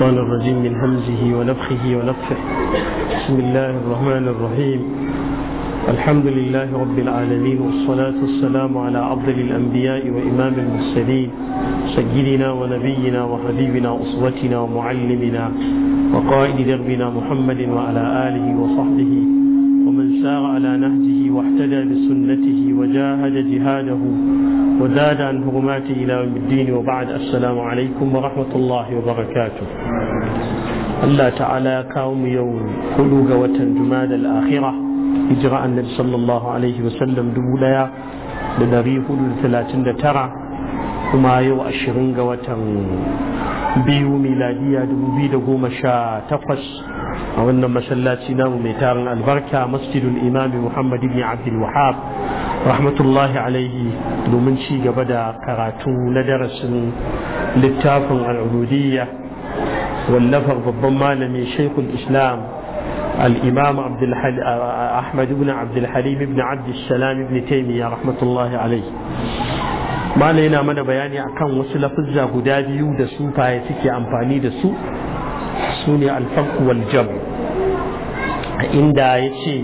الشيطان الرجيم من همزه ونفخه ونفخه بسم الله الرحمن الرحيم الحمد لله رب العالمين والصلاة والسلام على أفضل الأنبياء وإمام المرسلين سيدنا ونبينا وحبيبنا أسوتنا ومعلمنا وقائد دربنا محمد وعلى آله وصحبه ومن سار على نهجه واحتدى بسنته وجاهد جهاده وزاد عن هرماته إلى يوم الدين وبعد السلام عليكم ورحمة الله وبركاته الله تعالى كاوم يوم خلوق وتنجماد الآخرة إجراء النبي صلى الله عليه وسلم دبولايا لنريه لثلاثين ترى وما يو أشرين وتن بيو ميلادية dubu biyu da goma sha takwas a wannan masallaci namu mai tarin albarka masjidul rahmatullahi alaihi domin ci gaba da karatu na darasin littafin al'udiyya wallafar babban malami shaikul islam الإمام عبد الحل... أحمد بن عبد الحليم بن عبد السلام بن تيمية رحمة الله عليه ما لنا من بياني أكان وسلف الزهداء بيو دسو فايتكي أمفاني دسو سوني الفرق والجمع عند يشي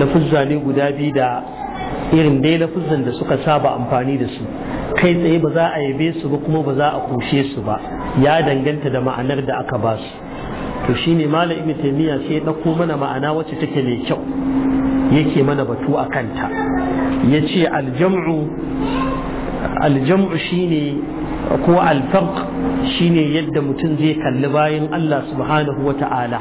لفظة ني guda biyu da irin dai lafuzan da suka saba amfani da su kai tsaye ba za a yabe su ba kuma ba za a kushe su ba ya danganta da ma'anar da aka ba su to shine malam ibn taymiya sai ya mana ma'ana wacce take mai kyau yake mana batu a kanta yace aljam'u aljam'u shine ko alfarq shine yadda mutum zai kalli bayan Allah subhanahu wata'ala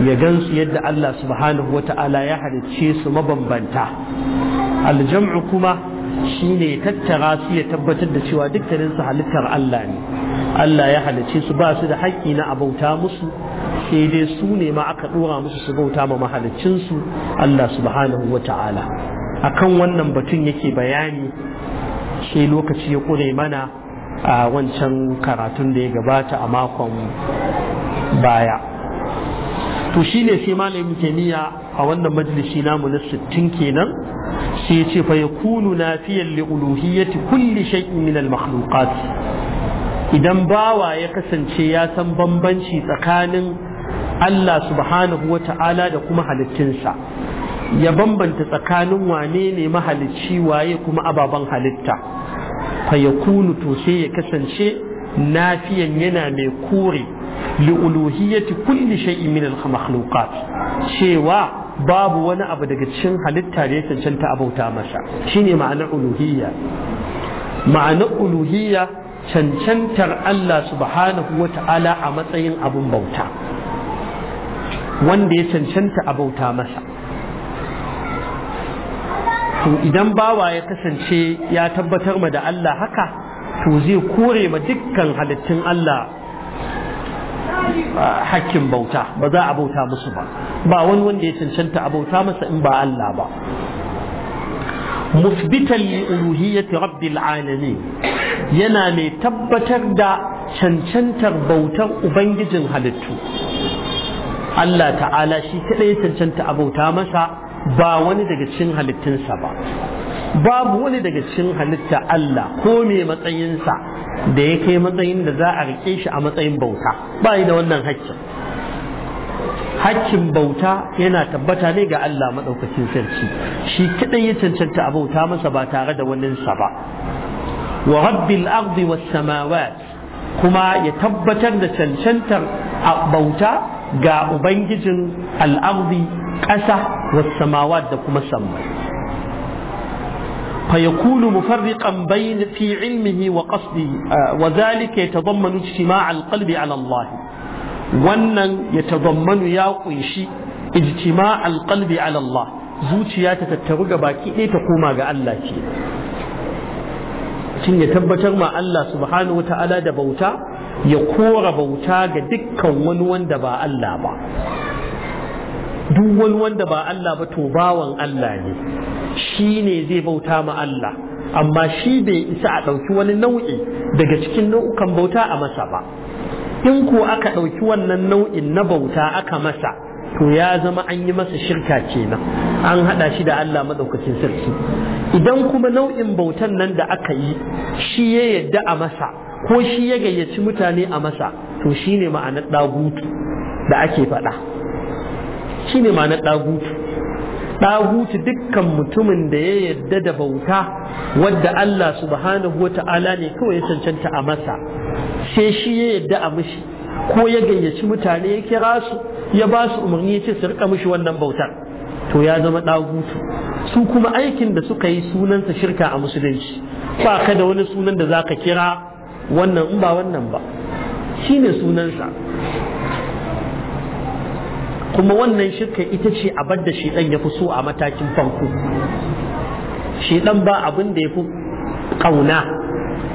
ya gansu yadda Allah subhanahu wata'ala ya halicce su mabambanta aljam'u kuma shine tattara su ya tabbatar da cewa dukkanin su halittar Allah ne Allah ya halicce su ba su da haƙƙi na abauta musu sai dai su ne ma aka dora musu su bauta ma mahaliccin su Allah subhanahu wata'ala akan wannan batun yake bayani sai lokaci ya kure mana a wancan karatun da ya gabata a makon baya to shine sai malamin taimiyya a wannan majalisi namu na 60 kenan sai ya ce fa na nafiyan li uluhiyyati kulli shay'in min al makhluqat idan bawa ya kasance ya san bambanci tsakanin Allah subhanahu wa ta'ala da kuma halittinsa ya bambanta tsakanin wane ne mahalicci waye kuma ababen halitta fa to sai ya kasance nafiyan yana mai kore li'uluhiyyati kulli shay'in min al-makhluqat cewa babu wani abu daga cikin halitta da ya cancanta abauta masa shine ma'anar uluhiyya ma'anar uluhiyya cancantar Allah subhanahu wa ta'ala a matsayin abun bauta wanda ya cancanta abauta masa to idan bawa ya kasance ya tabbatar ma da Allah haka to zai kore ma dukkan halittun Allah hakkin bauta ba za a bauta musu ba ba wani wanda ya cancanta a bauta masa in ba Allah ba musbitan li uluhiyyati rabbil alamin yana mai tabbatar da cancantar bautar ubangijin halittu Allah ta'ala shi kadai ya cancanta a bauta masa ba wani daga cikin halittunsa ba babu wani daga cikin halitta Allah ko me matsayinsa da ya kai matsayin da za a rike shi a matsayin bauta ba yi da wannan haƙƙin haƙƙin bauta yana tabbata ne ga Allah maɗaukacin sarki shi kaɗai ya cancanta a bauta masa ba tare da sa ba wa rabbil ardi was samawat kuma ya tabbatar da cancantar a bauta ga ubangijin al'ardi ƙasa was samawat da kuma sammai فيكون مفرقا بين في علمه وقصده وذلك يتضمن اجتماع القلب على الله wannan ya tazammanu ya kunshi ijtima alqalbi ala Allah zuciya ta tattaru ga baki ɗaya ta koma ga Allah shin ya tabbatar ma Allah subhanahu ta'ala da bauta ya kora bauta ga dukkan wani wanda ba Allah ba duk wani wanda ba Allah ba to bawan Allah ne shi ne zai bauta ma Allah amma shi bai isa a ɗauki wani nau'i daga cikin nau'ukan bauta a masa ba in ko aka ɗauki wannan nau'in na bauta aka masa to ya zama an yi masa shirka kenan an haɗa shi da Allah maɗaukacin sarki idan kuma nau'in bautan nan da aka yi shi ya yadda a masa ko shi ya gayyaci mutane a masa to shine ma'anar ɗagutu da ake faɗa shine ma'anar ɗagutu ɗagutu dukkan mutumin da ya yarda da bauta wadda Allah subhanahu wa ta'ala ne kawai ya cancanta a masa sai shi ya yarda a mishi ko ya gayyaci mutane ya kira su ya ba su umarni ya ce su rika mishi wannan bautar to ya zama ɗagutu su kuma aikin da suka yi sunansa shirka a musulunci ba ka da wani sunan da za ka kira wannan in ba wannan ba shine sunansa kuma wannan shirka ita ce abar da shidan ya fi so a matakin farko shidan ba abin da ya fi kauna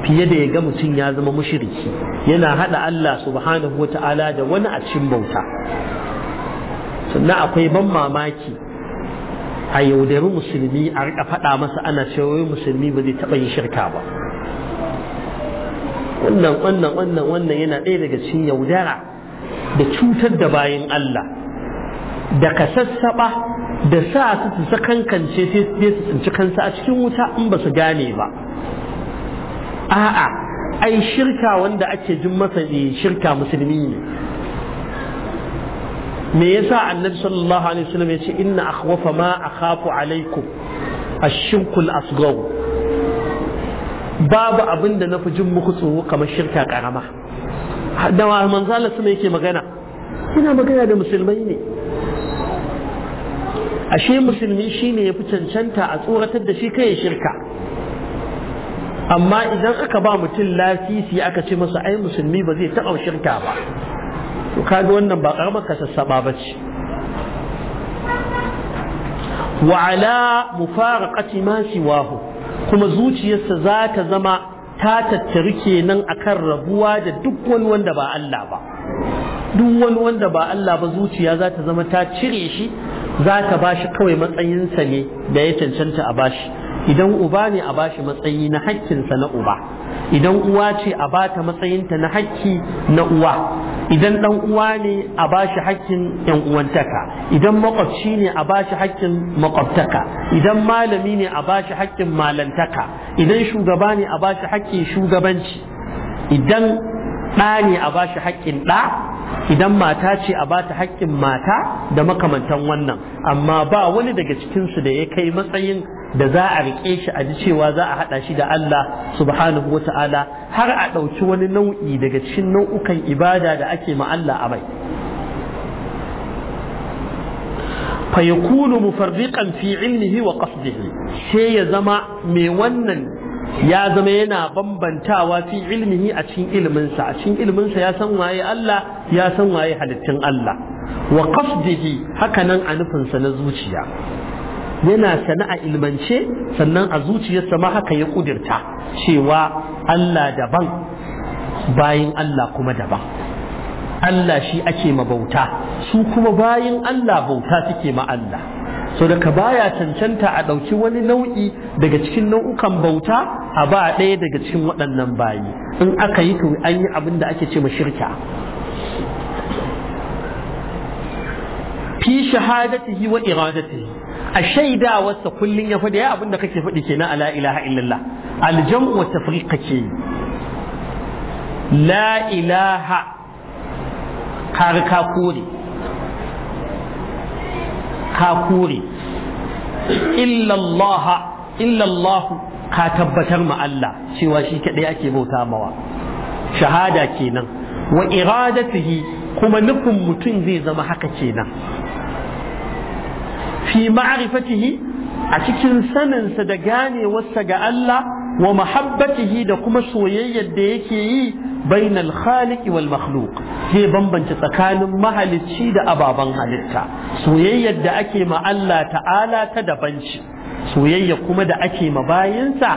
fiye da ya ga mutum ya zama mushiriki. yana hada Allah subhanahu wata'ala da wani a cikin bauta sannan akwai ban mamaki a yaudari musulmi a rika faɗa masa ana cewa musulmi ba zai taɓa yin shirka ba wannan wannan wannan wannan yana ɗaya daga cikin yaudara da cutar da bayan Allah da ka sassaɓa da sa su su sakankance sai su tsinci kansa a cikin wuta in ba su gane ba a'a ai shirka wanda ake jin masa eh, shirka musulmi ne me yasa annabi sallallahu alaihi wasallam yace inna akhwafa ma akhafu alaikum ash-shirkul asghar babu abinda na nafi jin muku tsoro kamar shirka karama da manzo Allah sama yake magana ina magana da musulmai ne ashe musulmi shine ya fi cancanta a tsoratar da shi kai shirka amma idan aka ba mutum lasisi aka ce masa ai musulmi ba zai taɓa shirka ba to kaga wannan ba karamar kasassaba ba ce wa ala ƙaci ma siwahu kuma zuciyarsa za ta zama ta tattari kenan akan rabuwa da duk wani wanda ba Allah ba duk wani wanda ba Allah ba zuciya za ta zama ta cire shi za ta bashi kawai matsayinsa ne da ya cancanta a bashi idan uba ne a bashi matsayi na hakkinsa na uba idan uwa ce a bata matsayinta na hakki na uwa idan dan uwa ne a bashi hakkin yan uwantaka idan makwabci ne a bashi hakkin makwabtaka idan malami ne a bashi hakkin malantaka idan shugaba ne a bashi hakkin shugabanci idan ɗa ne a bashi hakkin ɗa idan mata ce a bata haƙƙin mata da makamantan wannan amma ba wani daga cikinsu da ya kai matsayin da za a riƙe shi a ji cewa za a haɗa shi da Allah subhanahu wa ta'ala har a ɗauki wani nau'i daga cikin nau'ukan ibada da ake ma Allah a mai fayakunu mufarriqan fi ilmihi wa qasdihi sai ya zama mai wannan ya zama yana bambantawa fi ilmihi a cikin ilminsa a cikin ilminsa ya san waye Allah ya san waye halittun Allah wa qasdihi hakanan a nufinsa na zuciya yana sana a ilmance sannan a zuciyarsa ma haka ya kudirta cewa Allah daban bayin Allah kuma daban Allah shi ake mabauta su kuma bayin Allah bauta suke ma Allah so ka baya cancanta a ɗauki wani nau'i daga cikin nau'ukan bauta a ba ɗaya daga cikin waɗannan bayi in aka yi to an yi abin da ake ce ma shirka fi shahadatihi wa iradatihi a shaida kullum ya faɗi abin da kake faɗi kenan ala ilaha illallah aljam'u wa tafriqa ke la ilaha har ka kore ka kore illallahu ka tabbatar ma Allah cewa shi kaɗai ake bauta mawa shahada kenan wa iradatihi kuma nufin mutum zai zama haka kenan fi ma'rifatihi a cikin saninsa da ganewarsa ga Allah wa mahabbatihi da kuma soyayyar da yake yi bainal khaliq wal makhluq zai bambance tsakanin mahalicci da ababan halitta soyayyar da ake ma Allah ta'ala ta daban ce soyayya kuma da ake ma bayinsa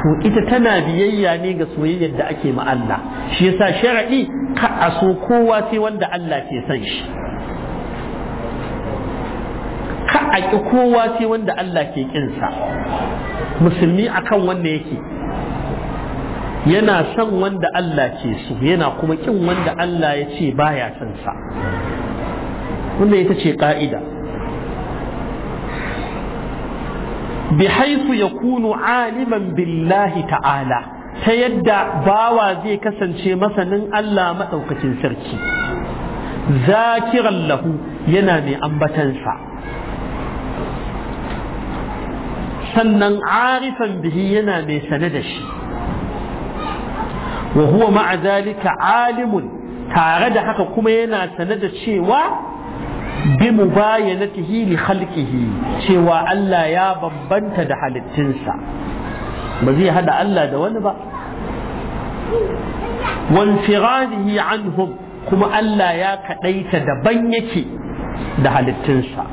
to ita tana biyayya ne ga soyayyar da ake ma Allah shi yasa shar'i ka a kowa sai wanda Allah ke son shi ka a ki kowa sai wanda Allah ke kinsa musulmi akan wanda yake yana son wanda Allah ke so yana kuma kin wanda Allah ya ce baya son sa wannan ita ce ka'ida ya kunu aliman billahi ta'ala ta yadda bawa zai kasance masanin Allah maɗaukacin sarki zakiran lahu yana mai ambatansa sannan arifan bihi yana mai sane da shi وهو مع ذلك عالم تعرض حق كما ينا سند شيوا بمباينته لخلقه شيوا ألا يا ببنت دحل التنسى بزي هذا ألا دون وانفراده عنهم كما ألا يا كديت دبنك دحل التنسى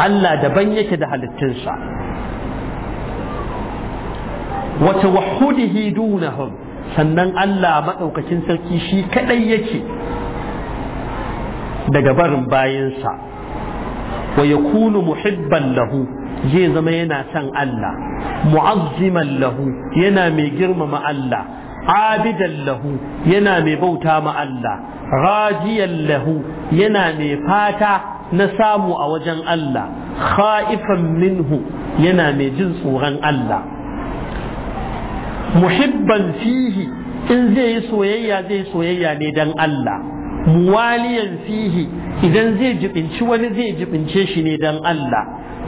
ألا دبنك دحل التنسى wa tawahhudihi dunahum sannan Allah madaukakin sarki shi kadai yake daga barin bayansa wa yakunu muhibban lahu zai zama yana son Allah mu'azziman lahu yana mai girmama Allah abidan lahu yana mai bauta ma Allah rajiyan lahu yana mai fata na samu a wajen Allah kha'ifan minhu yana mai jin tsoron Allah muhibban fihi in zai yi soyayya zai soyayya ne dan Allah muwaliyan fihi idan zai jibinci wani zai jibince shi ne dan Allah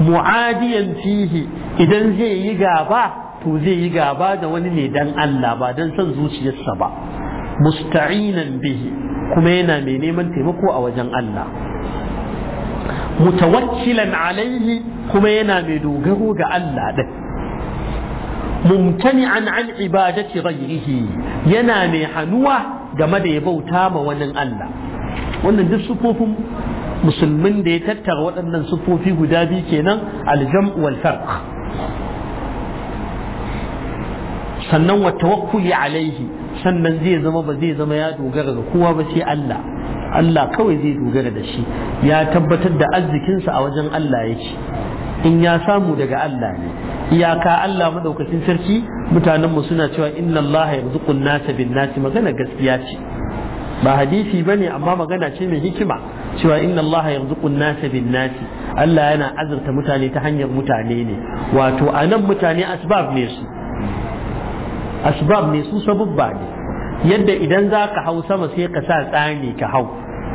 mu'adiyan fihi idan zai yi gaba to zai yi gaba da wani ne dan Allah ba dan son zuciyarsa ba musta'inan bihi kuma yana mai neman taimako a wajen Allah mutawakkilan alaihi kuma yana mai dogaro ga Allah din mumtani'an an ibadati ghayrihi yana mai hannuwa game da ya bauta ma wani Allah wannan duk sufofin musulmin da ya tattara waɗannan sufofi guda biyu kenan aljam wal farq sannan wa tawakkuli alaihi sannan zai zama ba zai zama ya dogara ga kowa ba sai Allah Allah kawai zai dogara da shi ya tabbatar da arzikinsa a wajen Allah yake in ya samu daga Allah ne iyaka Allah madaukakin sarki mutanen mu suna cewa inna Allah yarzuqun nasa bin nasi magana gaskiya ce ba hadisi bane amma magana ce mai hikima cewa inna Allah yarzuqun nasa bin nasi Allah yana azurta mutane ta hanyar mutane ne wato anan mutane asbab ne su asbab ne su ba ne yadda idan za ka hau sama sai ka sa tsani ka hau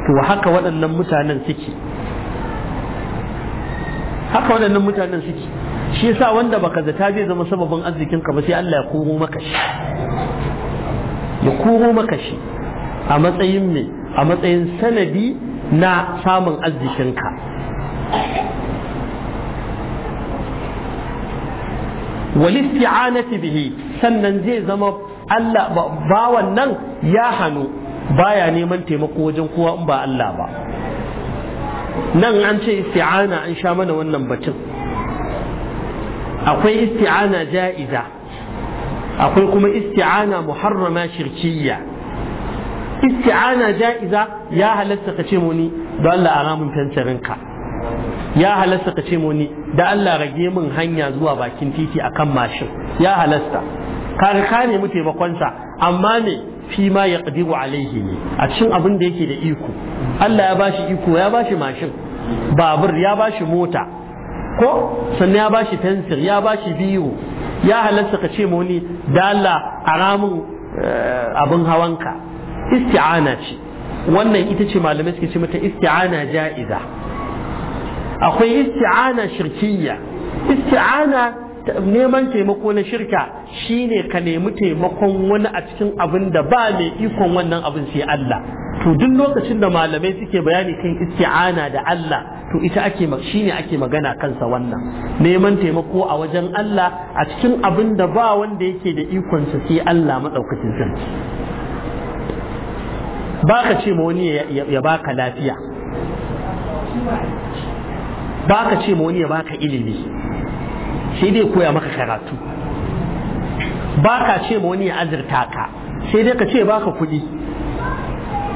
to haka waɗannan mutanen suke haka waɗannan mutanen suke shi yasa wanda baka zata zai zama sababin arzikin ka ba sai Allah ya koro maka shi ya koro maka shi a matsayin me a matsayin sanadi na samun arzikin ka isti'anati bihi sannan zai zama Allah bawan nan ya hannu baya neman taimako wajen kowa in ba Allah ba nan an ce isti'ana an sha mana wannan batun akwai isti'ana ja'iza akwai kuma isti'ana muharrama shirkiyya isti'ana ja'iza ya halatta ka ce muni da Allah a tantarinka ya halasta kace ce muni da Allah rage min hanya zuwa bakin titi akan mashin ya halasta kaga ka mu taimakonsa amma ne fi ma ya qadiru alaihi a cikin abin da yake da iko Allah ya bashi iko ya bashi mashin babur ya bashi mota ko sannan ya bashi fensir ya bashi biyu ya halarta ka ce wani dala Allah a ramin eh, abin hawanka isti'ana ce wannan ita ce malamai suke ce mata isti'ana ja'iza akwai isti'ana shirkiyya isti'ana neman taimako na shirka shine ka nemi taimakon wani a cikin abin da ba mai ikon wannan abin sai Allah to duk lokacin da malamai suke bayani kan isti'ana da Allah to ita ake shi ne ake magana kansa wannan neman taimako a wajen Allah a cikin abin da ba wanda yake da ikon sa sai Allah madaukakin Ba ka ce ma wani ya baka lafiya Ba ka ce ma wani ya baka ilimi sai dai koya maka karatu Ba ka ce ma wani ya azurta ka sai dai ka ce baka kuɗi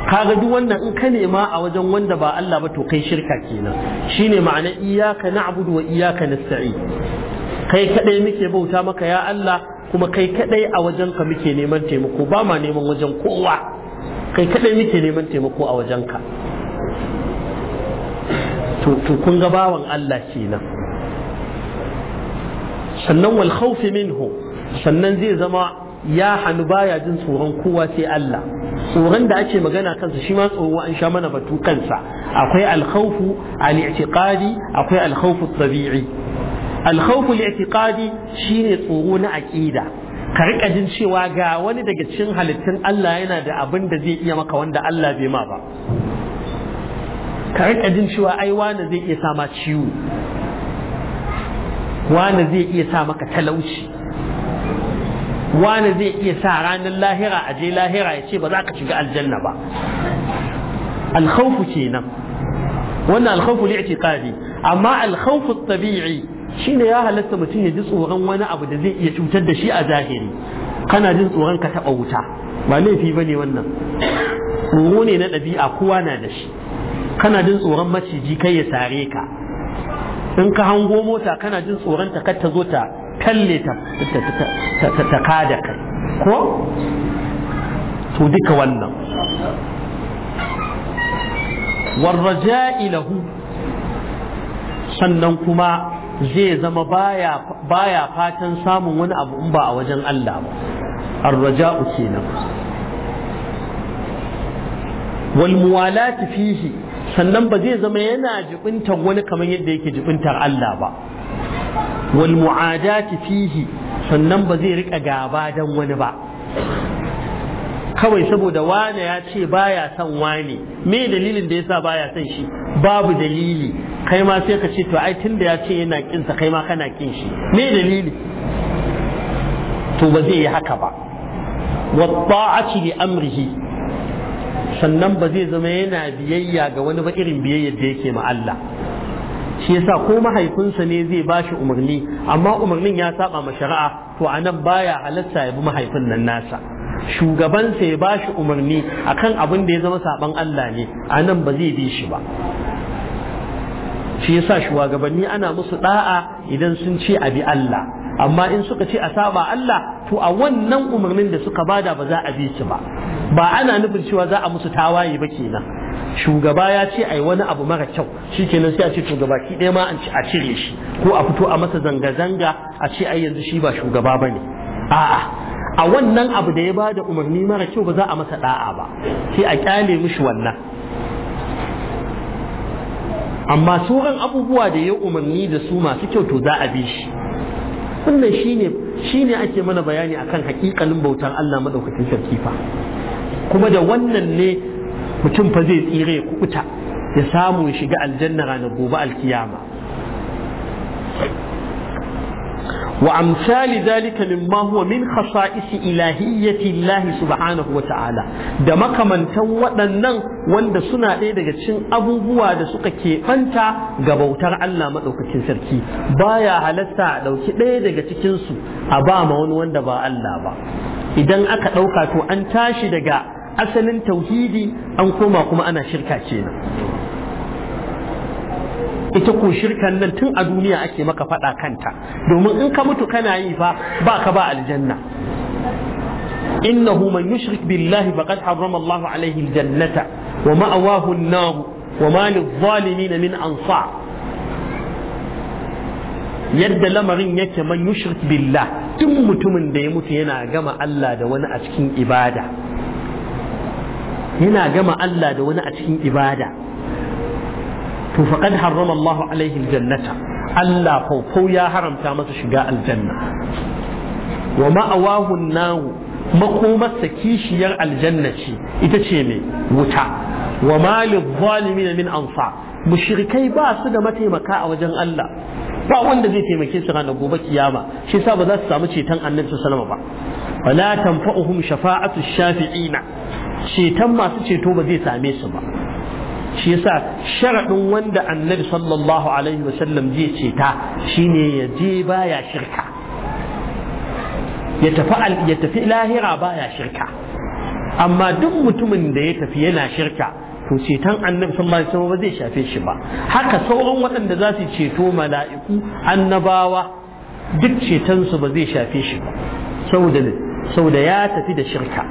kaga duk wannan in ka nema a wajen wanda ba Allah ba to kai shirka kenan shine ma'ana iyyaka na'budu wa iyyaka nasta'in kai kadai muke bauta maka ya Allah kuma kai kadai a wajen ka muke neman taimako ba ma neman wajen kowa kai kadai muke neman taimako a wajen ka to kun ga bawan Allah kenan sannan wal khawfi minhu sannan zai zama ya hannu baya jin tsoron kowa sai Allah tsoron da ake magana kansa shi ma tsoro an sha mana batu kansa akwai alkhawfu al-i'tiqadi akwai alkhawfu tabi'i alkhawfu al-i'tiqadi shine tsoro na aqida ka rika jin cewa ga wani daga cikin halittun Allah yana da abin da zai iya maka wanda Allah bai ma ba ka rika jin cewa ai wani zai iya ma ciwo wani zai iya sa maka talauci wani zai iya sa ranar lahira a je lahira ya ce ba za ka shiga aljanna ba alkhawfu kenan wannan alkhawfu li'tiqadi amma alkhawfu tabi'i shine ya halatta mutum ya ji tsoron wani abu da zai iya cutar da shi a zahiri kana jin tsoron ka taba wuta ba laifi bane wannan tsoro ne na ɗabi'a kowa na da shi kana jin tsoron maciji kai ya sare ka in ka hango mota kana jin tsoron ta kar ta zo ta Talle ta kada kai ko to duka wannan warraja'i lahu sannan kuma zai zama baya fatan samun wani abu in ba a wajen Allah ba arraja'u kenan wal fihi sannan ba zai zama yana jibintar wani kamar yadda yake jibintar Allah ba Walmu'ada mu'adati fihi sannan ba zai rika gaba dan wani ba kawai saboda wane ya ce baya son wane me dalilin da yasa baya son shi babu dalili kai ma sai ka ce to ai tunda ya ce yana kai ma kana kin shi me dalili to ba zai yi haka ba wa ta'ati li amrihi sannan ba zai zama yana biyayya ga wani ba irin biyayyar da yake ma Allah shi yasa ko mahaifinsa ne zai ba shi umarni amma umarnin ya saba ma shari'a to anan baya halatta ya bi mahaifin nan nasa shugabansa ya shi umarni akan abin da ya zama saban Allah ne a nan ba zai bi shi ba shi yasa shugabanni ana musu da'a idan sun ce a bi Allah amma in suka ce a saba Allah to a wannan umarnin da suka bada ba za a bi shi ba ba ana nufin cewa za a musu tawaye ba kenan shugaba ya ce ai wani abu mara kyau Shi kenan sai a ce shugaba ki ɗaya ma a cire shi ko a fito a masa zanga-zanga a ce ai yanzu shi ba shugaba ba ne a'a a wannan abu da ya ba da umarni mara kyau ba za a masa da'a ba sai a kyale mishi wannan amma sauran abubuwa da ya umarni da su masu kyau to za a bi shi wannan shine shine ake mana bayani akan hakikalin bautar Allah madaukakin sarki kuma da wannan ne mutum fa zai tsire ya kukuta ya samu ya shiga aljanna ranar gobe alkiyama wa amsali zalika mimma huwa min khasa'is ilahiyyati Allah subhanahu wa ta'ala da makamantan waɗannan wanda suna ɗaya daga cikin abubuwa da suka ke keɓanta ga bautar Allah madaukakin sarki baya halatta a ɗauki ɗaya daga cikin su a ba ma wani wanda ba Allah ba idan aka ɗauka to an tashi daga asalin tauhidi an koma kuma ana shirka kenan ita ko shirkan nan tun a duniya ake maka faɗa kanta domin in ka mutu kana yi fa ba ka ba aljanna innahu man yushrik billahi faqad harrama Allahu alaihi aljannata wa ma'awahu an-nar wa ma lidh-dhalimin min yadda lamarin yake man yushrik billah duk mutumin da ya mutu yana gama Allah da wani a cikin ibada yana gama Allah da wani a cikin ibada to faqad harrama Allahu alaihi aljannata Allah faufau ya haramta masa shiga aljanna wa ma'awahu an-naru makomarsa kishiyar aljanna ce ita ce mai wuta wa malil zalimin min ansa mushrikai ba su da mataimaka a wajen Allah ba wanda zai taimake su ranar gobe kiyama shi yasa ba za su samu ceton annabi sallallahu alaihi wasallam ba wala tanfa'uhum shafa'atu shafi'ina ceton masu ceto ba zai same su ba shi yasa sharaɗin wanda annabi sallallahu alaihi wasallam zai ceta shine ya je baya shirka ya tafi ya tafi lahira baya shirka amma duk mutumin da ya tafi yana shirka to ceton annabi sallallahu alaihi wasallam ba zai shafe shi ba haka sauran waɗanda za su ceto mala'iku annabawa duk cetonsu ba zai shafe shi ba saboda saboda ya tafi da shirka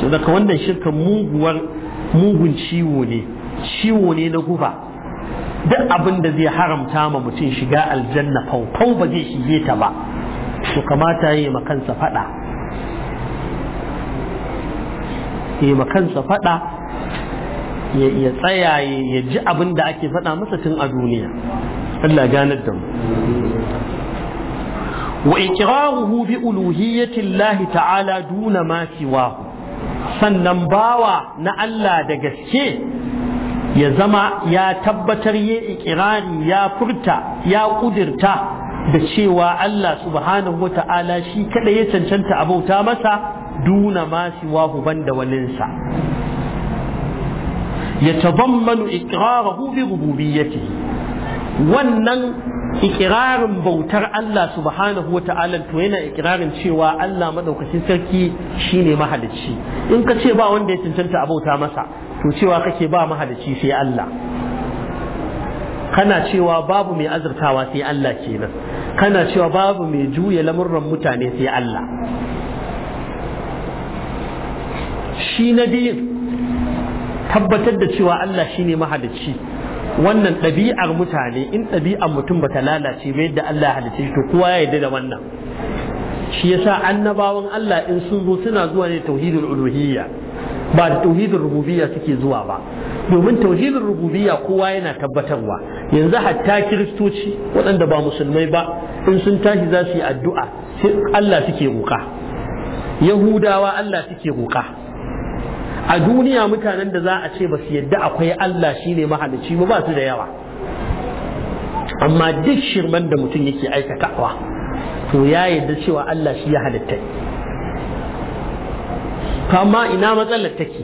so daga wannan shirkan muguwar mugun ciwo ne ciwo ne na guba duk abin da zai haramta ma mutum shiga aljanna fau-fau ba zai shige ta ba su kamata yi makansa fada yi makansa fada ya tsaya ya ji abin da ake fada masa tun a duniya Allah ganar da mu wa iqraruhu bi uluhiyyati Allah ta'ala duna ma siwahu sannan bawa na Allah da gaske ya zama ya tabbatar ya ikirari ya furta ya kudirta da cewa Allah subhanahu wata'ala shi kaɗai ya cancanta abauta masa duna masu siwahu banda walinsa ya tazammanu ikirara bi rububiyyatihi wannan ikirarin bautar Allah subhanahu wata'ala to yana ikirarin cewa Allah madaukakin sarki shine mahalicci in ka ce ba wanda ya cancanta a bauta masa to cewa kake ba mahalicci sai Allah kana cewa babu mai azurtawa sai Allah kenan kana cewa babu mai juya lamurran mutane sai Allah shi na tabbatar da cewa Allah shine mahalicci wannan ɗabi'ar mutane in ɗabi'ar mutum bata lalace ba yadda Allah ya halice to kowa ya yarda da wannan shi yasa annabawan Allah in sun zo suna zuwa ne tauhidul uluhiyya ba da tauhidul rububiyya suke zuwa ba domin tauhidul rububiyya kowa yana tabbatarwa yanzu hatta kiristoci waɗanda ba musulmai ba in sun tashi za su yi addu'a Allah suke roƙa yahudawa Allah suke roƙa a duniya mutanen da za a ce ba su yadda akwai Allah ne mahalicci ba ba su da yawa amma duk shirman da mutum yake aikatawa to ya yadda cewa Allah shi ya halitta amma ina matsalar take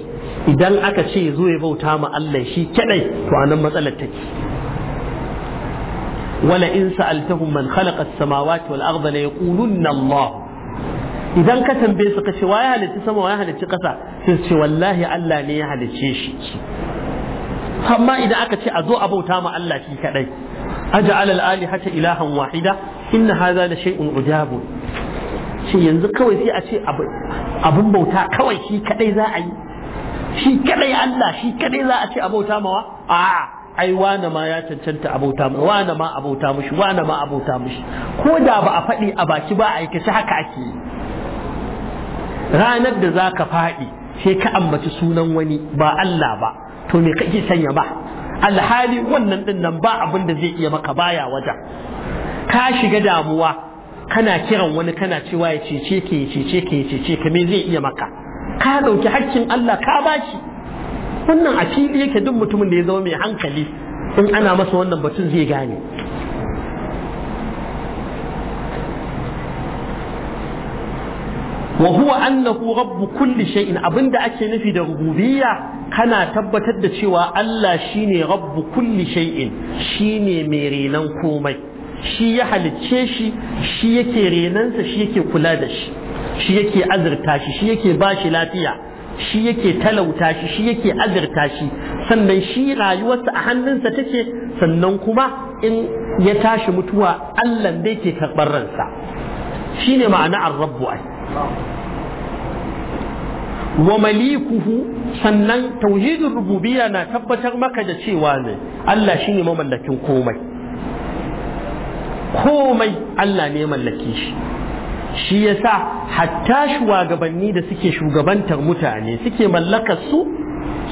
idan aka ce zo ya bauta ma Allah shi kadai to anan matsalar take wala in sa'altahum man khalaqa as-samawati wal arda la yaqulunna Allah idan ka tambaye su ka ce waye halicci sama waye halicci ƙasa sai su ce wallahi Allah ne ya halicce shi amma idan aka ce a zo a bauta ma Allah shi kadai aj'al al-alihata ilahan wahida inna hadha la shay'un ujab shi yanzu kawai sai a ce abun bauta kawai shi kadai za a yi shi kadai Allah shi kadai za a ce a bauta mawa a'a ai wane ma ya cancanta abauta mu wane ma abauta mushi wane ma abauta mushi ko da ba a faɗi a baki ba a aikace haka ake yi ranar da za ka faɗi sai ka ambaci sunan wani ba Allah ba to me kake sanya ba alhali wannan din nan ba abin da zai iya maka baya wajen ka shiga damuwa kana kiran wani kana cewa ya cece ke ya cece ke ya cece ka me zai iya maka ka ɗauki haƙƙin Allah ka bashi wannan a fili yake duk mutumin da ya zama mai hankali in ana masa wannan batun zai gane wa huwa rabbu kulli shay'in abinda ake nufi da rububiyya kana tabbatar da cewa Allah shine rabbu kulli shay'in shine mai renan komai shi ya halicce shi shi yake renansa shi yake kula da shi shi yake azurta shi shi yake bashi lafiya shi yake talauta shi shi yake azurta shi sannan shi rayuwarsa a hannunsa take sannan kuma in ya tashi mutuwa Allah dai ke karɓar ransa shine ma'ana an rabbu ai wa malikuhu sannan tauhidin rububiyya na tabbatar maka da cewa ne Allah shine mamallakin komai komai Allah ne mallake shi shi yasa hatta shugabanni da suke shugabantar mutane suke mallakar su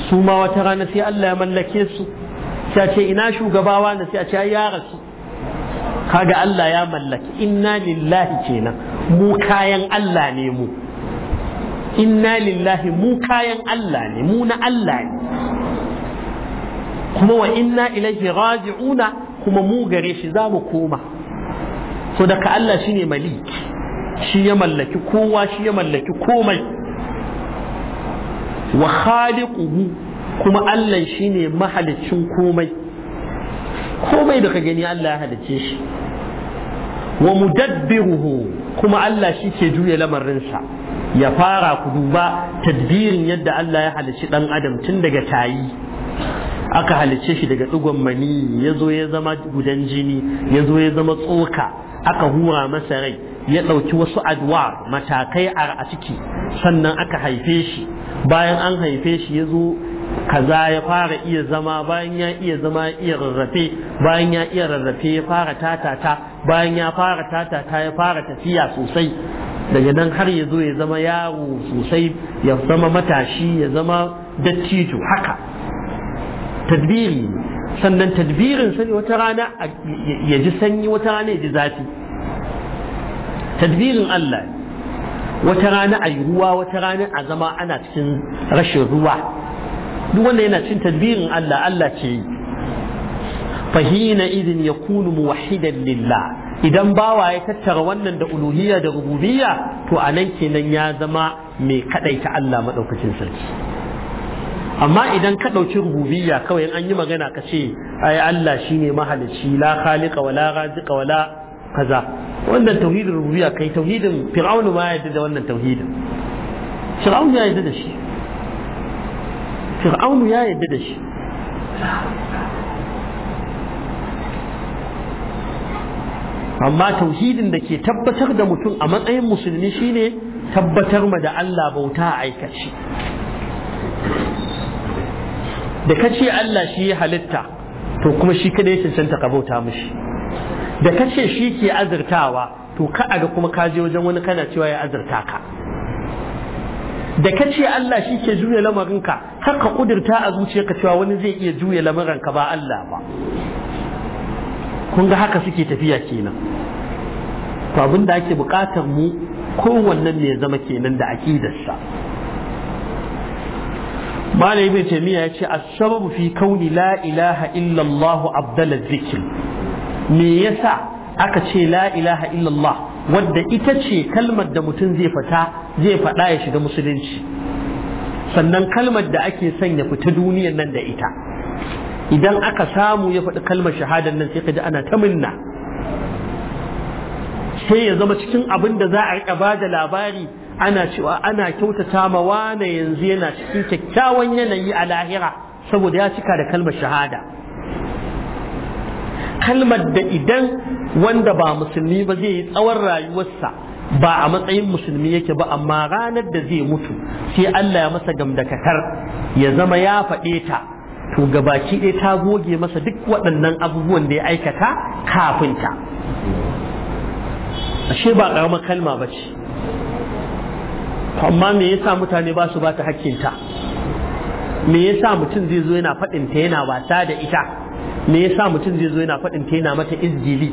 su ma wata rana sai Allah ya mallake su sai ce ina shugabawa na sai a ce ya rasu kaga Allah ya mallaki inna lillahi kenan mu kayan Allah ne mu inna lillahi mu kayan Allah ne mu na Allah ne kuma wa inna ilaihi raji'una kuma mu gare shi za mu koma so daga Allah shine malik shi ya mallaki kowa shi ya mallaki komai wa khaliquhu kuma Allah shine mahalicin komai komai da ka gani Allah ya halicce shi wa mudabbiruhu kuma Allah shi ke juya lamarinsa ya fara ku duba tadbirin yadda Allah ya halicci ɗan adam tun daga tayi aka halice shi daga digon mani ya zo ya zama gudan jini ya zo ya zama tsoka aka hura masa rai ya ɗauki wasu adwa matakai a ciki sannan aka haife shi bayan an haife shi ya zo kaza ya fara iya zama bayan ya iya zama ya iya rarrafe bayan ya iya rarrafe ya fara tatata bayan ya fara tatata ya fara tafiya sosai daga nan har ya zo ya zama yaro sosai ya zama matashi ya zama dattijo haka tadbiri sannan tadbirin sani wata rana ya ji sanyi wata rana ya ji zafi tadbirin Allah wata rana a yi ruwa wata rana a zama ana cikin rashin ruwa duk wanda yana cin tadbirin Allah Allah ce yi fahina idin ya kunu muwahidan lillah idan bawa ya tattara wannan da uluhiyya da rububiyya to a nan kenan ya zama mai kadaita Allah maɗaukacin sarki amma idan ka ɗauki rububiyya kawai in an yi magana ka ce ai Allah shine mahalicci la khaliqa wala raziqa wala kaza wannan tauhidin rububiyya kai tauhidin fir'aunu ma yadda da wannan tauhidin fir'aunu ya yadda da shi fir'aunu ya yadda da shi amma tauhidin da ke tabbatar da mutum a matsayin musulmi shine tabbatar ma da Allah bauta a aikace da ka ce Allah shi ya halitta to kuma shi kada ya cancanta ka bauta mishi da ka ce shi ke azurtawa to ka aga kuma ka je wajen wani kana cewa ya azurta ka da ka ce Allah shi ke juya lamarinka har ka kudurta a ka cewa wani zai iya juya lamarinka ba Allah ba kun ga haka suke tafiya kenan to abin da ake bukatar mu kowannen ne zama kenan da aqidarsa Mala ibn Jami'a ya ce as-sababu fi kauni la ilaha illa Allah abdal zikr me yasa aka ce la ilaha illa Allah wadda ita ce kalmar da mutum zai fata zai faɗa ya shiga musulunci sannan kalmar da ake son ya fita duniyar nan da ita idan aka samu ya faɗi kalmar shahadar nan sai ka ji ana ta minna sai ya zama cikin abin da za a riƙa ba da labari ana cewa ana kyautata ma wane yanzu yana cikin kyakkyawan yanayi a lahira saboda ya cika da kalmar shahada kalmar da idan wanda ba musulmi ba zai yi tsawon rayuwarsa ba a matsayin musulmi yake ba amma ranar da zai mutu sai Allah ya masa gamdakatar ya zama ya faɗe ta to gabaki ɗaya ta goge masa duk waɗannan abubuwan da ya aikata kafin ta ashe ba ƙaramar kalma ba ce amma me yasa mutane ba su ba ta hakkinta me yasa mutum zai zo yana faɗinta yana wasa da ita me yasa mutum zai zo yana faɗin ta yana mata izgili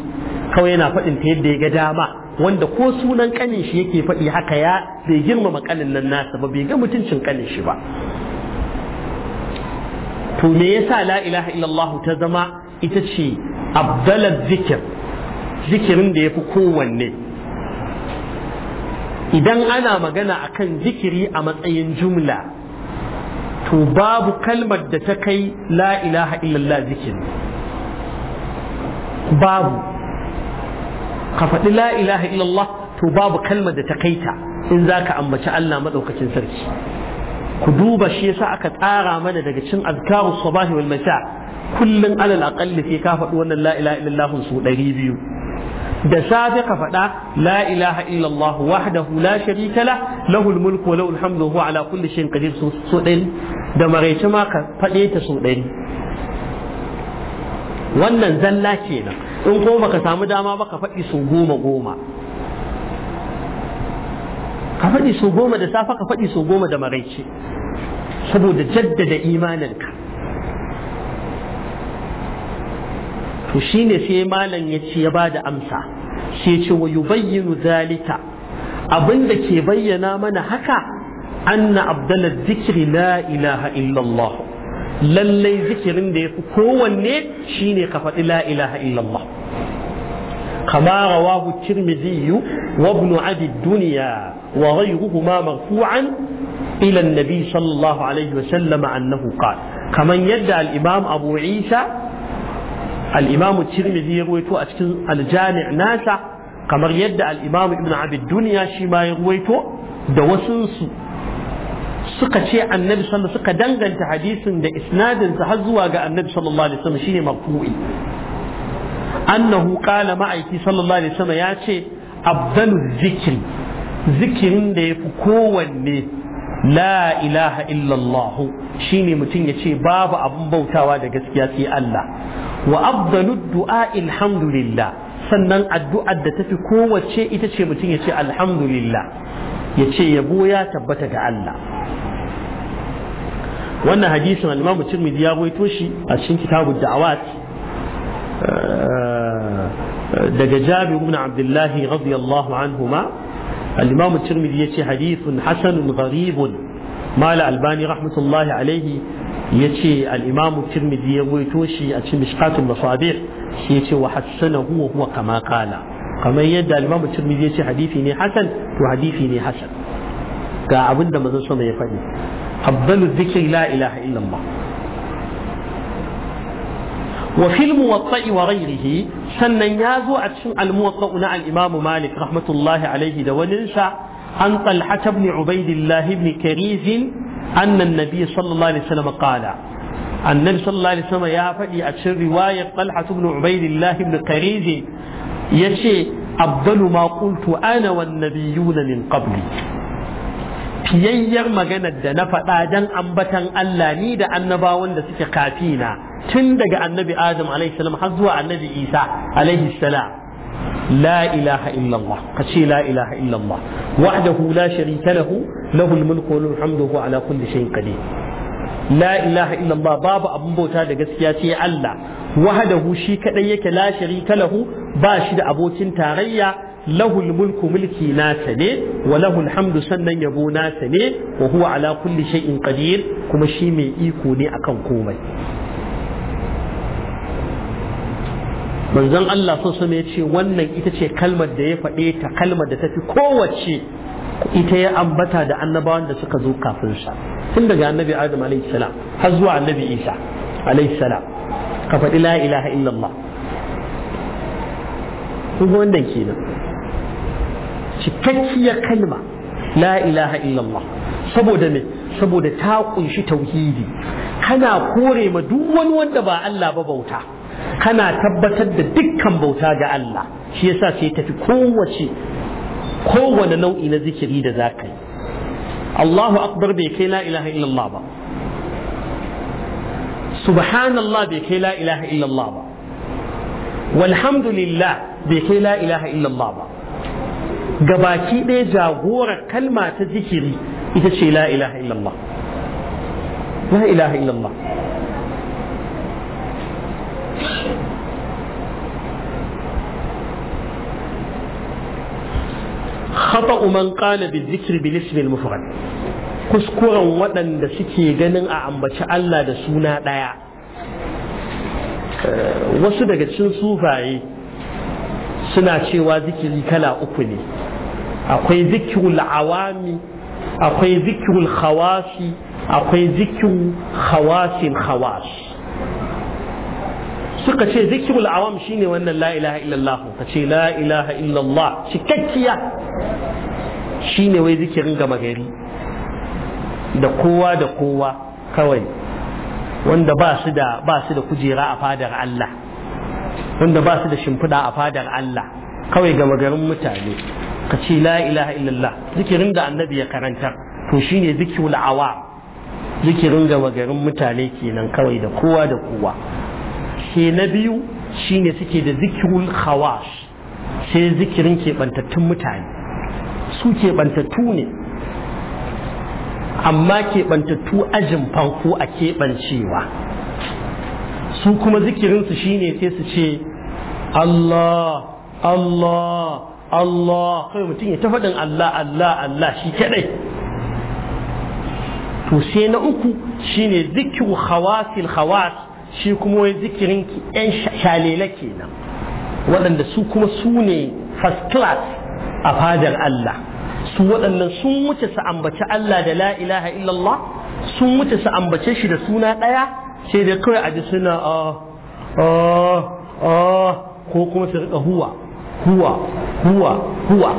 kawai yana faɗin ta yadda ya ga dama wanda ko sunan ƙanin shi yake faɗi haka ya bai girmama ƙanin nan nasa ba bai ga mutuncin kanin shi ba to me yasa la ilaha illallah ta zama ita ce abdalar zikir zikirin da ya fi kowanne idan ana magana akan zikiri a matsayin jumla to babu kalmar da ta kai la ilaha illallah zikin. babu ka faɗi la ilaha illallah to babu kalmar da ta kai ta in za ka ambaci Allah maɗaukacin sarki ku duba shi yasa aka tsara mana daga cin azkaru sabahi wal masa kullun alal aqalli sai ka faɗi wannan la ilaha illallah su biyu. da safe ka faɗa la ilaha illallah wahdahu la sharika lah lahul mulku wa lahul hamdu huwa ala kulli shay'in qadir su ɗaya da maraice ma ka faɗe ta su ɗaya wannan zalla kenan in ko baka samu dama ba ka faɗi so goma goma ka faɗi so goma da safe ka faɗi so goma da maraice saboda jaddada imaninka to shi sai malam ya ce ya ba da amsa sai ce wa yubayyinu zalika abin ke bayyana mana haka anna abdala zikiri la ilaha illallah lallai zikirin da ya fi kowanne shine ne ka faɗi la ilaha illallah kama rawahu tirmidhiyu wa ibn adi dunya wa ghayruhuma marfu'an ila an-nabi sallallahu alayhi wa sallam annahu qala kaman yadda al-imam abu isa al-imamu tirmidhi ya ruwaito a cikin al nasa kamar yadda al-imamu ibn abid duniya shi ma da wasu suka ce annabi sallallahu suka danganta hadisin da isnadin sa har zuwa ga annabi sallallahu alaihi wasallam shine marfu'i annahu qala ma'aiki sallallahu alaihi wasallam ya ce abdalu zikri zikirin da yafi kowanne la ilaha illallah shine mutum ya ce babu abun bautawa da gaskiya sai Allah وأفضل الدعاء الحمد لله sannan addu'ar da tafi kowace ita ce mutum ya ce alhamdulillah ya ce yabo ya tabbata ga Allah wannan hadisin al-Imam Tirmidhi ya rawaito shi a cikin kitabud da'awat daga Jabir ibn Abdullah radiyallahu anhuma al-Imam Tirmidhi yace hadithun hasanun gharibun mala albani rahmatullahi alaihi يتي الإمام الترمذي يقول توشي أتي مشقات المصابيح يتي وحسنه هو هو كما قال كما يدى الإمام الترمذي يتي حديثي حسن وحديثي حسن كأبن دم ذو سمي يفعلي الذكر لا إله إلا الله وفي الموطأ وغيره سنن يازو أتشن الموطأ نع الإمام مالك رحمة الله عليه دولنسا عن طلحة بن عبيد الله بن كريز annan nabi sallallahu alaihi wasallam qala annabi sallallahu alaihi wasallam ya faɗi a cikin riwayar talha ibn ubaidillah ibn qariz yace abdalu ma qultu ana wan nabiyuna min qabli fiyayyar maganar da na faɗa dan ambatan Allah ni da annabawan da suke kafina tun daga annabi Adam alaihi salam har zuwa annabi Isa alaihi salam لا إله إلا الله قشي لا إله إلا الله وحده لا شريك له له الملك وله الحمد وهو على كل شيء قدير لا إله إلا الله باب أبو بوتا دقسياتي الله وحده شي كديك لا شريك له باشد أبو تنتاريا له الملك ملكي ناسني وله الحمد سنة يبو ناسني وهو على كل شيء قدير كما شي مي إيكوني أكن كومي manzon Allah so sama ya ce wannan ita ce kalmar da ya faɗe ta kalmar da tafi kowace ita ya ambata da annabawan da suka zo kafin sa tun daga annabi Adam alayhi salam har zuwa annabi Isa alayhi salam ka faɗi la ilaha illallah kun ga wannan kenan cikakkiyar kalma la ilaha illallah saboda me saboda ta kunshi tauhidi kana kore ma duk wani wanda ba Allah ba bauta kana tabbatar da dukkan bauta ga Allah shi yasa sai tafi kowace kowane nau'i na zikiri da za ka yi Allahu akbar bai kai la ilaha illallah ba subhanallah bai kai la ilaha illallah ba walhamdulillah bai kai la ilaha illallah ba gabaki ɗaya jagorar kalma ta zikiri ita ce la ilaha illallah la ilaha illallah خطأ من قال بالذكر بالاسم المفرد kuskuren waɗanda suke ganin a ambaci Allah da suna ɗaya eh, wasu daga cikin sufaye suna cewa zikiri kala uku ne akwai zikirul awami akwai zikirul hawasi akwai zikirul hawasin hawa. suka ce zikirul awam shine wannan la ilaha illallah ka ce la ilaha illallah cikakkiya shine wai zikirin gama gari da kowa da kowa kawai wanda ba su da ba su da kujera a fadar Allah wanda ba su da shimfiɗa a fadar Allah kawai gama garin mutane ka ce la ilaha illallah zikirin da annabi ya karantar to shine zikirul awam zikirin gama garin mutane kenan kawai da kowa da kowa ke na biyu shine suke da zikirul khawash sai zikirin keɓantattun mutane su keɓantattu ne amma keɓantattu ajin fanko a keɓancewa su kuma zikirinsu shine sai su ce Allah Allah Allah kawai mutum ya ta faɗin Allah Allah Allah shi kaɗai to sai na uku shine zikiru khawasil khawas shi kuma wai zikirin yan shalele kenan waɗanda su kuma su ne first class a fadar Allah su waɗannan sun wuce su ambaci Allah da la ilaha illallah sun wuce su ambace shi da suna ɗaya sai da kawai a ji suna a ah, a ah, ah, ko kuma su riƙa huwa huwa huwa huwa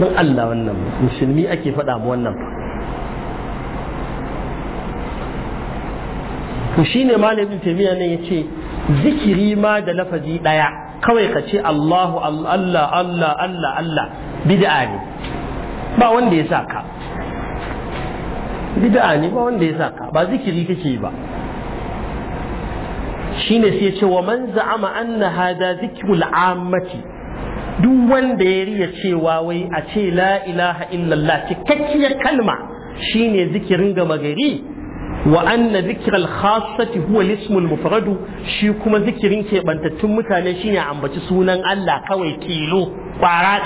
don Allah wannan musulmi ake faɗa mu wannan to ne malam ibn taymiya ne ce zikiri ma da lafazi ɗaya kawai ka ce Allahu Allah Allah Allah Allah bid'a ne ba wanda ya saka bid'a ne ba wanda ya saka ba zikiri kake ba Shi ne sai ce wa man za'ama anna hada zikrul ammati duk wanda ya riya cewa wai a ce la ilaha illallah cikakkiyar kalma shine zikirin gama gari wa anna dhikral khassati huwa ismul mufradu shi kuma zikirin keɓantattun mutane shine ambaci sunan Allah kawai tilo kwara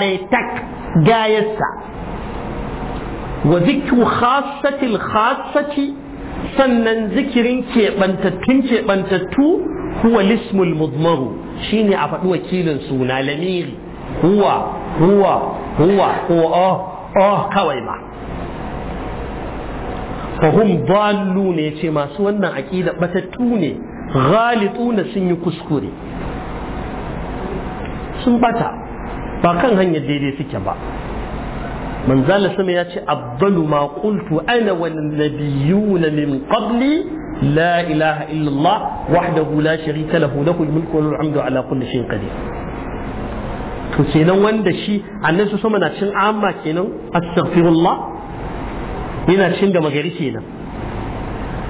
ɗaya tak wa zikru khassatil khassati sannan zikirin keɓantattun keɓantattu huwa lismul mudmaru shine a faɗi wakilin suna lamiri huwa huwa huwa ko oh oh kawai ma. fahum dallu ne ce masu wannan aƙida batattu ne ghalituna sun yi kuskure sun bata ba kan hanyar daidai suke ba manzala sama ya ce abdalu ma qultu ana wan nabiyuna min qabli la ilaha illallah wahdahu la sharika lahu lahul mulku ala kulli shay'in qadir to wanda shi annabi sama na cin amma kenan astaghfirullah yana cikin gama gari kenan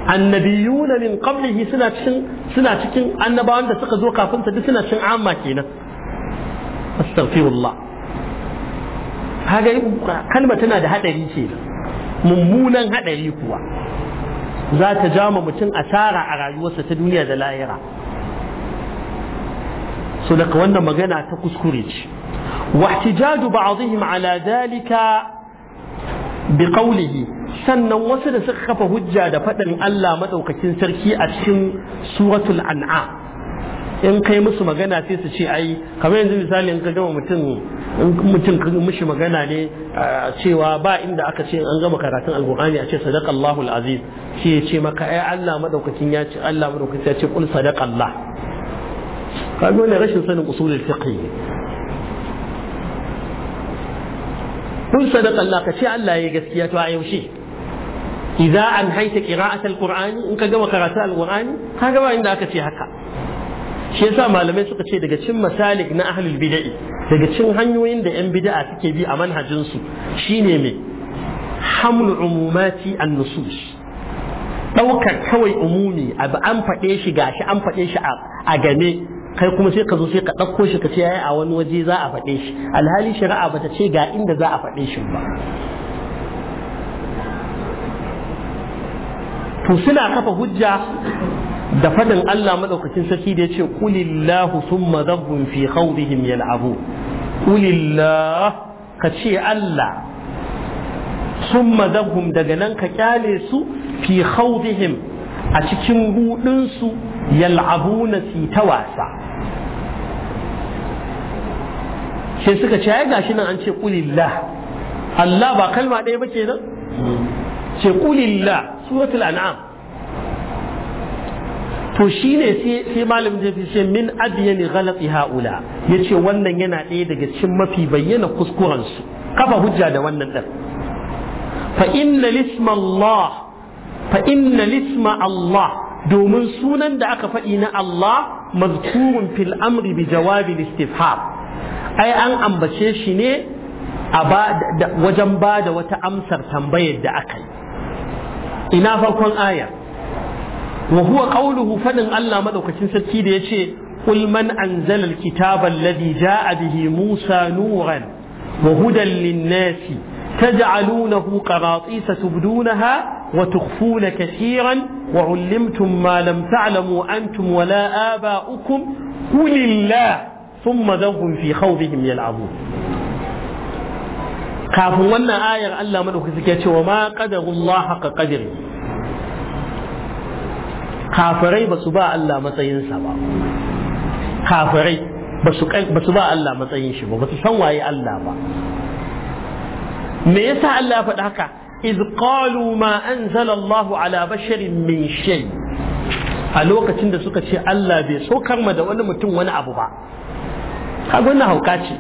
annabiyuna min qablihi suna cikin suna cikin annabawan da suka zo kafin sa duk suna cikin amma kenan astaghfirullah kaga kalma tana da hadari kenan mummunan hadari kuwa za ta ja mutum asara a rayuwarsa ta duniya da lahira so daga wannan magana ta kuskure ce واحتجاج بعضهم ala dalika. bi qawlihi sannan wasu da suka kafa hujja da faɗin Allah madaukakin sarki a cikin suratul an'a in kai musu magana sai su ce ai kamar yanzu misali in ka gama mutum mutum ka mishi magana ne cewa ba inda aka ce an gama karatun alqur'ani a ce sadaqa Allahu aziz shi ya ce maka ai Allah madaukakin ya ce Allah madaukakin ya ce kul sadaqa Allah kaga wannan rashin sanin usulul fiqh kun sadaka Allah ka ce Allah ya gaskiya to a yaushe idza an haita qira'at alqur'ani in ka gama karatu alqur'ani ka gama inda aka ce haka shi yasa malamai suka ce daga cin masalik na ahlul bid'i daga cin hanyoyin da yan bid'a suke bi a manhajin su shine me hamlu umumati an-nusus ɗaukar kawai umumi abu an faɗe shi gashi an faɗe shi a game kai kuma sai ka zo sai ka ɗauko shi ka ce yayi a wani waje za a faɗe shi alhali shari'a bata ce ga inda za a faɗe shi ba to suna kafa hujja da fadin Allah madaukakin sarki da yace kulillahu thumma dhabbun fi khawdihim yal'abu qulillah ka ce Allah thumma dhabbun daga nan ka kyale su fi khawdihim a cikin hudun su yal'abuna su ta wasa Ke suka ce ai gashi nan an ce qulillah Allah ba kalma ɗaya ba kenan ce qulillah suratul an'am to ne sai malamin da ce min abyani ghalati haula yace wannan yana ɗaya daga cikin mafi bayyana kuskurensu. su kafa hujja da wannan ɗan. fa inna lisma Allah fa inna lisma Allah domin sunan da aka faɗi na Allah mazkurun fil amri bi jawabin istifham ai an ambace shi ne a wajen ba da wata amsar tambayar da aka yi ina farkon aya wa huwa qawluhu fadin Allah madaukakin sarki da yace qul man anzala alkitaba alladhi jaa bihi Musa nuran wa hudan lin-nasi taj'alunahu qaratisa tubdunaha وتخفون كثيرا وعلمتم ما لم تعلموا أنتم ولا آباؤكم قل الله ثم ذوهم في خوضهم يلعبون كافوا أن آية ألا من أخذكت وما قدر الله حق قدر كافري بسباء ألا متين سبا كافري بسباء ألا متين شبا بسنواي ألا ما ميسا ألا فتحكا إذ قالوا ما أنزل الله على بشر من شيء a lokacin da suka ce Allah bai saukar ma da wani mutum wani abu ba kaga wannan hauka ce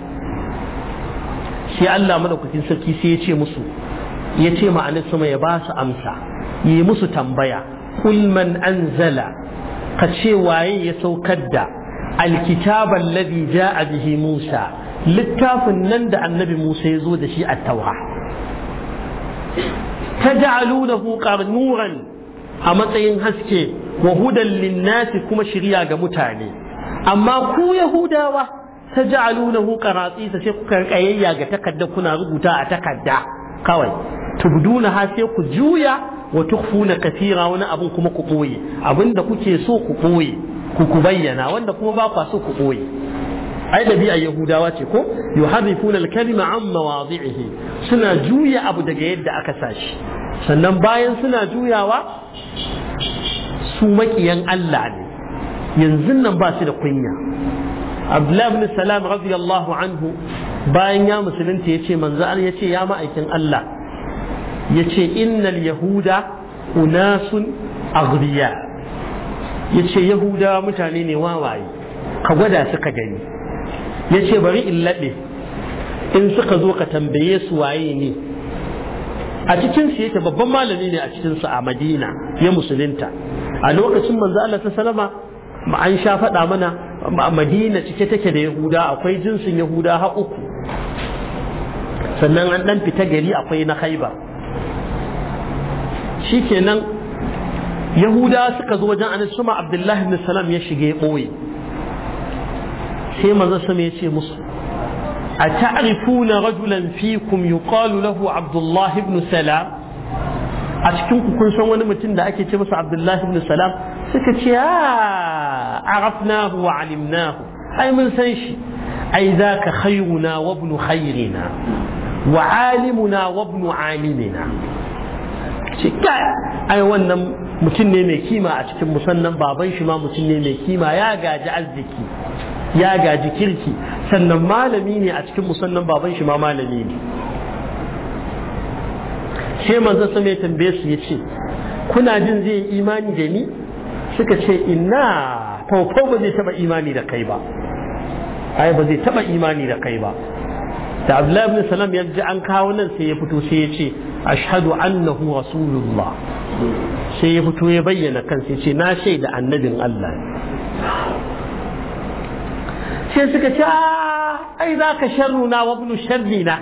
sai Allah madaukakin sarki sai ya ce musu ya ce ma sama ya ba su amsa yi musu tambaya kul man anzala ka ce waye ya saukar da alkitaban alladhi jaa bihi Musa littafin nan da annabi Musa ya zo da shi a tauha taj'alunahu qarnuran a matsayin haske wa hudan linnasi kuma shiriya ga mutane amma ku yahudawa taj'alunahu sa sai ku karkayayya ga takarda kuna rubuta a takarda kawai tubduna ha sai ku juya wa tukhfuna kathira wani abun kuma ku boye abinda kuke so ku boye ku ku bayyana wanda kuma ba ku so ku ɓoye. ai dabi'a yahudawa ce ko yuharrifuna al-kalima an mawadhi'ihi suna juya abu daga yadda aka sashi sannan bayan suna juyawa su makiyan Allah ne yanzu nan ba su da kunya Abdullah ibn Salam radiyallahu anhu bayan ya musulunta yace manzo Allah yace ya ma'aikin Allah yace innal yahuda unasun aghriya yace yahuda mutane ne wawaye ka gwada suka gani ya ce bari in laɓe in suka zo ka tambaye su waye ne a cikin su yake babban malami ne a cikin su a madina ya musulunta a lokacin manzo Allah ta salama ma an sha faɗa mana madina cike take da yahuda akwai jinsin yahuda ha uku sannan an dan fita gari akwai na khaibar shikenan yahuda suka zo wajen annabi suma abdullahi ibn salam ya shige ɓoye sai maza sama ya ce musu a ta'rifuna rajulan fikum yuqalu lahu abdullahi ibn salam a cikin ku kun san wani mutum da ake ce masa abdullahi ibn salam suka ce a ah, arafnahu wa alimnahu ai mun san shi ai ka khayruna wa ibn khayrina wa alimuna wa ibn alimina ce ai wannan mutum ne mai kima a cikin musannan baban shi ma mutum ne mai kima ya gaji arziki ya gaji kirki sannan malami ne a cikin musannan baban shi ma malami ne sai manzo sai ya tambaye su yace ce kuna jin zai imani da ni suka ce ina ko ba zai taba imani da kai ba ai ba zai taba imani da kai ba da abdullahi ibn salam ya ji an kawo nan sai ya fito sai ya ce ashhadu annahu rasulullah sai ya fito ya bayyana kansa ya ce na shaida annabin Allah sai suka ce ah, ai za ka sharruna wa sharrina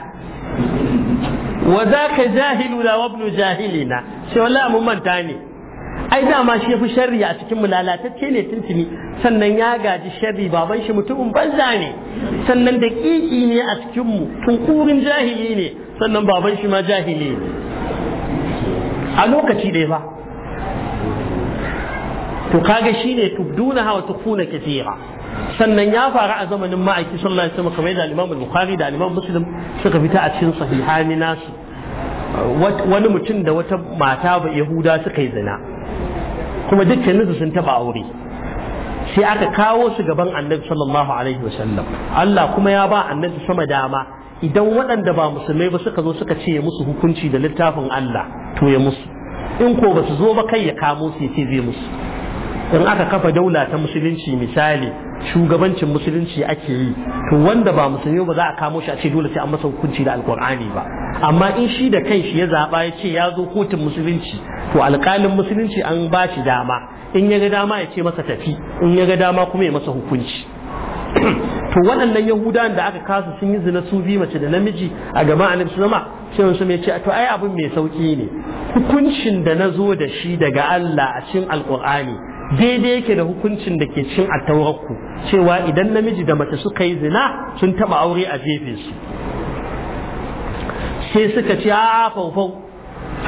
wa za ka jahiluna wa jahilina sai wala mun manta ne ai dama shi fi sharri a cikin mu lalatacce ne tuntuni sannan ya gaji sharri baban shi mutumin banza ne sannan da kiki ne a cikin mu tunkurin jahili ne sannan baban shi ma jahili ne a lokaci dai ba to kaga shine tubduna wa tukuna kathira sannan ya faru a zamanin ma'aiki sallallahu alaihi wasallam kamar da Imam Bukhari da Imam Muslim suka fita a cikin sahihani nasu wani mutum da wata mata ba Yahuda suka yi zina kuma dukkanin sun taba aure sai aka kawo su gaban Annabi sallallahu alaihi wasallam Allah kuma ya ba Annabi sama dama idan waɗanda ba musulmai ba suka zo suka ce musu hukunci da littafin Allah to ya musu in ko ba su zo ba kai ya kamo su ya ce zai musu in aka kafa daula ta musulunci misali shugabancin musulunci ake yi to wanda ba musulmi ba za a kamo shi a ce dole sai an masa hukunci da alkur'ani ba amma in shi da kai shi ya zaba ya ce ya zo kotun musulunci to alƙalin musulunci an ba shi dama in ya ga dama ya ce masa tafi in ya ga dama kuma ya masa hukunci to waɗannan yahudan da aka kasa sun yi zina su bi mace da namiji a gama annabi zama, sai wasu ya ce to ai abin mai sauki ne hukuncin da na zo da shi daga Allah a cikin alkur'ani daidai yake da hukuncin da ke cin a tauraku cewa idan namiji da mace suka yi zina sun taba aure a jefe su sai suka ce a faufau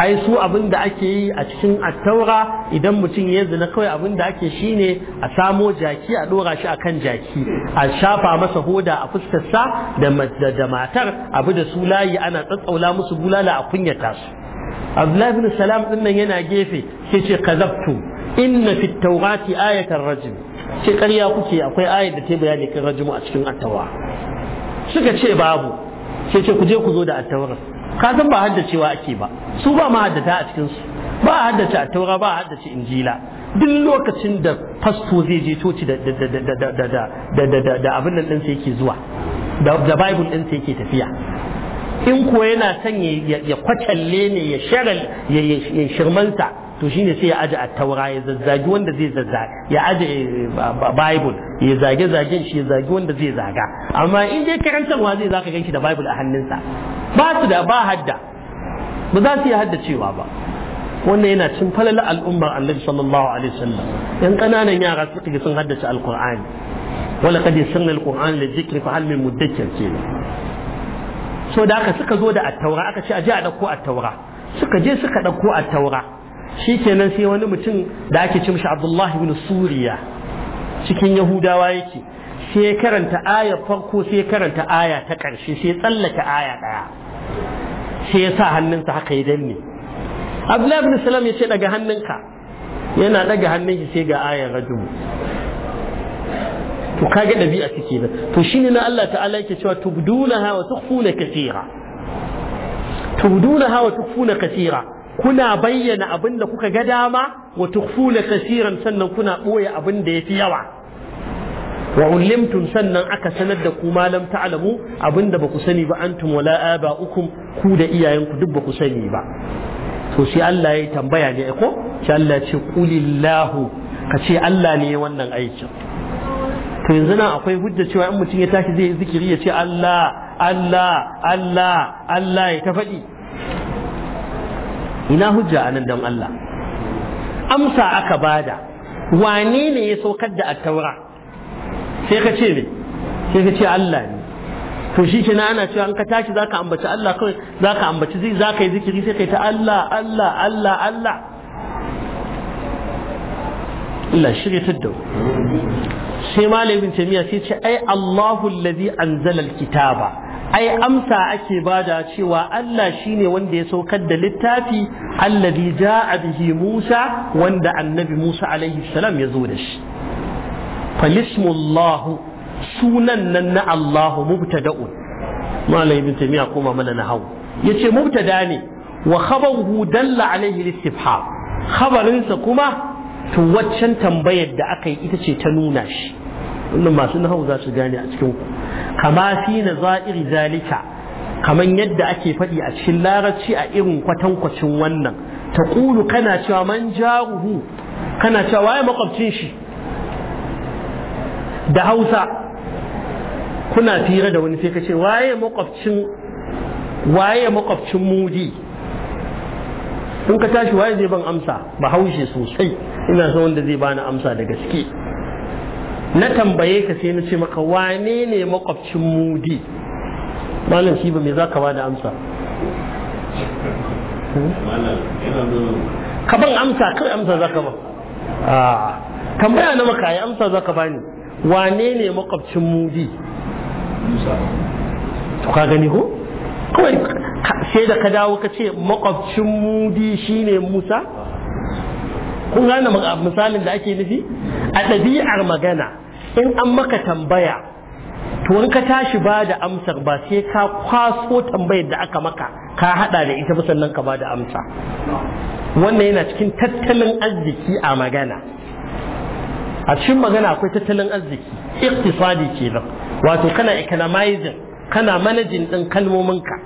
ai su abin da ake yi a cikin attaura idan mutum ya zina kawai abin da ake shi ne a samo jaki a dora shi a kan jaki a shafa masa hoda a fuskarsa da da matar abu da su layi ana tsatsaula musu bulala a kunyata su Abdullahi bin Salam din yana gefe sai ce kazabtu inna fi tawrati ayatan rajm ce ƙarya kuke akwai ayat da ta bayani kan rajmu a cikin attawa suka ce babu sai ce ku je ku zo da attawar ka san ba haddacewa ake ba su ba ma haddata a cikin su ba haddace attaura ba haddace injila duk lokacin da fasto zai je coci da abin nan sai yake zuwa da bible ɗinsa yake tafiya in kuwa yana son ya kwatalle ne ya shirmansa to shine sai ya aje attaura ya zazzagi wanda zai zazzaga ya aje eh, bible ya zage zagen shi ya zagi wanda zai zaga amma in dai karantarwa zai zaka ganshi da bible a hannunsa ba su da ba hadda ba za su yi hadda cewa ba wannan yana cin falala al'ummar annabi sallallahu alaihi wasallam yan kananan yara suka ga sun haddace alqur'ani wala qad yasanna alqur'ana lidhikri fa hal min mudakkir kenan so da aka suka zo da attaura aka ce a je a ɗauko attaura suka je suka ɗauko attaura shi kenan sai wani mutum da ake cin shi abdullahi ibn suriya cikin yahudawa yake sai karanta aya farko sai karanta aya ta ƙarshe sai tsallaka aya ɗaya sai ya sa hannunsa haka ya danne abdullahi ibn salam ya ce daga hannunka yana daga hannunki sai ga ayar rajul to kage ɗabi'a take nan to shine na Allah ta'ala yake cewa tubdunaha wa tukhfuna kathira tubdunaha wa tukhfuna katira kuna bayyana abin da kuka ga dama wa tukhfuna kasiran sannan kuna boye abin da ya fi yawa wa ullimtum sannan aka sanar da ku malam ta'lamu abin da baku sani ba antum wala aba'ukum ku da iyayenku duk baku sani ba to sai Allah ya tambaya ne ko sai Allah ya ce qulillahu ka ce Allah ne wannan aikin to yanzu nan akwai hujja cewa in mutum ya tashi zai zikiri ya ce Allah Allah Allah Allah ya ta faɗi ina hujja anan don Allah amsa aka bada wane ne ya saukar da attaura sai ka ce me sai ka ce Allah ne to shi kina ana cewa an ka tashi za ka ambaci Allah kawai Za ka ambaci zai zaka yi zikiri sai ka yi ta Allah Allah Allah Allah Allah shirya tadda sai malamin tamiya sai ce ai Allahu allazi anzala alkitaba ai amsa ake bada cewa Allah shine wanda ya saukar da littafi allazi ja'a bihi Musa wanda annabi Musa alaihi salam ya zo da shi falismullahu sunan nan na Allahu mubtada'un malai ibn taymiya mana na hawo yace mubtada ne wa khabaruhu dalla alaihi listifham khabarinsa kuma to waccan tambayar da aka yi ita ce ta nuna shi wannan masu nahau za su gane a cikin ku kama fi na za'iri zalika kaman yadda ake faɗi a cikin larabci a irin kwatankwacin wannan ta Kulu kana cewa man jaruhu kana cewa waye makwabcin shi da hausa kuna fira da wani sai ka ce waye makwabcin waye makwabcin mudi in ka tashi waye zai ban amsa ba haushe sosai ina son wanda zai bani amsa da gaske na tambaye ka sai na ce maka wane ne makwabcin mudi malam shi ba mai za ka ba da amsa ka ban amsa kai amsa za ka ba tambaya na maka ya amsa za ka ni wane ne makwabcin mudi to ka gani ko kawai sai da ka dawo ka ce makwabcin mudi shine musa kun gane misalin da ake nufi a ɗabi'ar magana in an maka tambaya to ka tashi ba da amsar ba sai ka kwaso tambayar da aka maka ka hada da ita sannan ka ba da amsa wannan yana cikin tattalin arziki a magana a cikin magana akwai tattalin arziki iktisadi nan, wato kana economizing kana manajin din Ka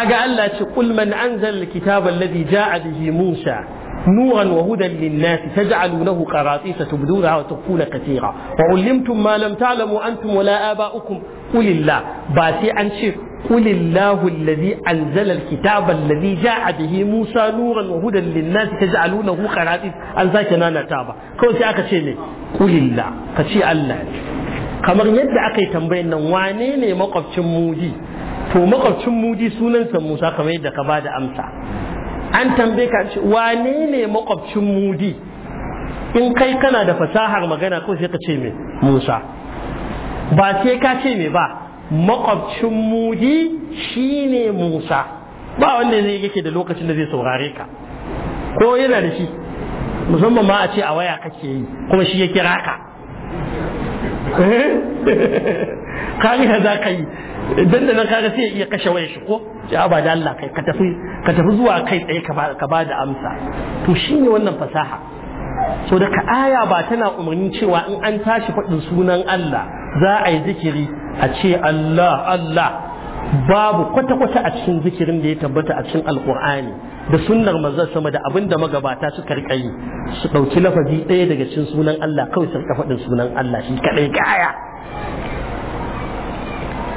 kaga Allah ce kul man anzal alkitaba alladhi ja'a bihi Musa نورا وهدى للناس تجعلونه قراطيس تبدونها وتخفون كثيرا وعلمتم ما لم تعلموا أنتم ولا آباؤكم قل الله باتي أنشر قل الله الذي أنزل الكتاب الذي جاء به موسى نورا وهدى للناس تجعلونه قراطيس أنزاك نانا تابا كون سيأكا شيني قل الله كشي الله kamar yadda aka yi tambayin nan wane ne makwabcin muji to makwabcin muji sunansa musa kamar yadda ka ba da amsa an tambaye ka ce wane ne makwabcin mudi in kai kana da fasahar magana kawai sai ka ce me musa ba sai ka ce me ba makwabcin mudi shine musa ba wanda zai yake da lokacin da zai saurare ka ko yana da shi musamman ma a ce a waya kake yi kuma shi ya kira ka kariya za ka yi idan da nan kaga sai ya iya kashe wayar shi ko ya ba da Allah kai ka tafi ka tafi zuwa kai tsaye ka ba da amsa to shine wannan fasaha so ka aya ba tana umarni cewa in an tashi faɗin sunan Allah za a yi zikiri a ce Allah Allah babu kwata-kwata a cikin zikirin da ya tabbata a cikin alkur'ani da sunnar manzon sama da abin da magabata suka rika yi su ɗauki lafazi ɗaya daga cikin sunan Allah kawai su rika faɗin sunan Allah shi kaɗai kaya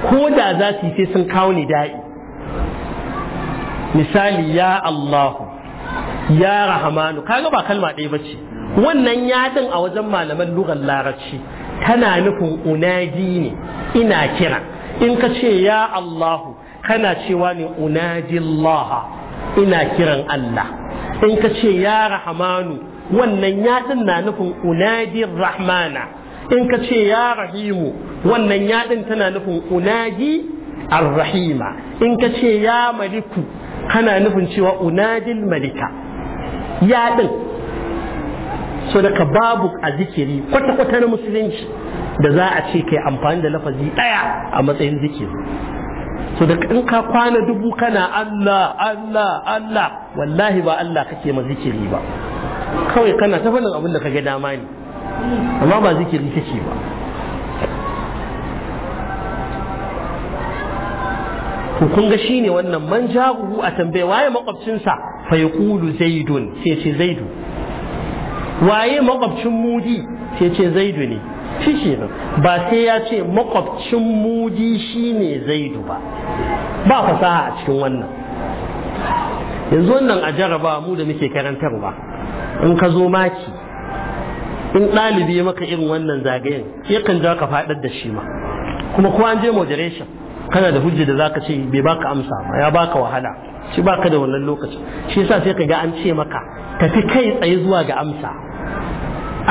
ko da za su yi sai sun kawo ni da'i misali ya Allahu ya rahamanu kaga ba kalma ɗaya ba ce wannan yadin a wajen malaman lugar larabci tana nufin unaji ne ina kira in ka ce ya Allahu kana cewa ne unaji Allah ina kiran Allah in ka ce ya rahamanu wannan yadin na nufin unaji rahmana in ka ce ya rahimu wannan yaɗin tana nufin unaji arrahima in ka ce ya maliku kana nufin cewa unadil malika yaɗin so daga babu a zikiri kwata-kwata na musulunci da za a ce kai amfani da lafazi ɗaya a matsayin zikiri so in ka kwana dubu kana Allah Allah Allah wallahi ba Allah kake ma zikiri ba kawai kana ta faɗin abin da ka ga dama ne amma ba zikiri kake ba to kun ga shine wannan man jahu a tambaye waye sa fa yaqulu zaidun sai ce zaidu waye makwabcin mudi sai ce zaidu ne shi ne ba sai ya ce makwabcin mudi shine zaidu ba ba fasaha a cikin wannan yanzu wannan a jaraba mu da muke karantarwa in ka zo maki in ɗalibi maka irin wannan zagayen yakan ja ka faɗar da shi ma kuma ko an je moderation kana da hujja da zaka ce bai baka amsa ba ya baka wahala shi baka da wannan lokaci shi yasa sai ka ga an ce maka tafi kai tsaye zuwa ga amsa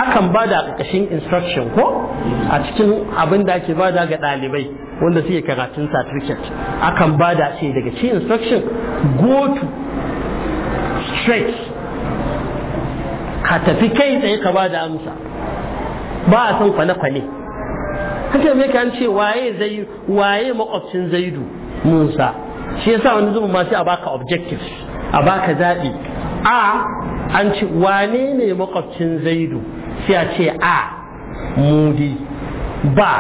akan ba da ƙarƙashin instruction ko a cikin abin da ake bada ga ɗalibai wanda suke karatun certificate akan ba da ce daga cikin instruction go to straight ka tafi kai tsaye ka ba da amsa ba a son kwane-kwane haka mai kan ce waye zai waye makwabcin zaidu musa shi yasa wani zubin ma sai a baka objective a baka zaɓi a an ce wane ne makwabcin zaidu sai a ce a mudi ba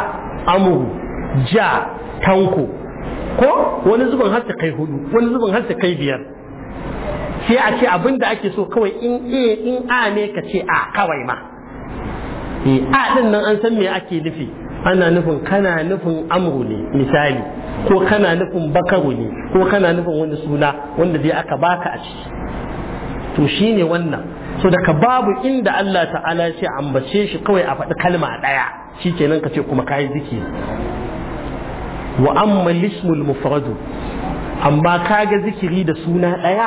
amuru ja tanko ko wani zubin har ta kai hudu wani zubin har ta kai biyar sai a ce abin da ake so kawai in a in a ne ka ce a kawai ma eh, a ɗin nan an san me ake nufi ana nufin kana nufin amru ne misali ko kana nufin bakaru ne ko kana nufin wani suna wanda zai aka baka a ciki to shine wannan so daga babu inda Allah ta'ala ya ce ambace shi kawai a faɗi kalma ɗaya shikenan ka ce kuma kayi zikiri wa amma lismul mufradu amma kaga zikiri da suna ɗaya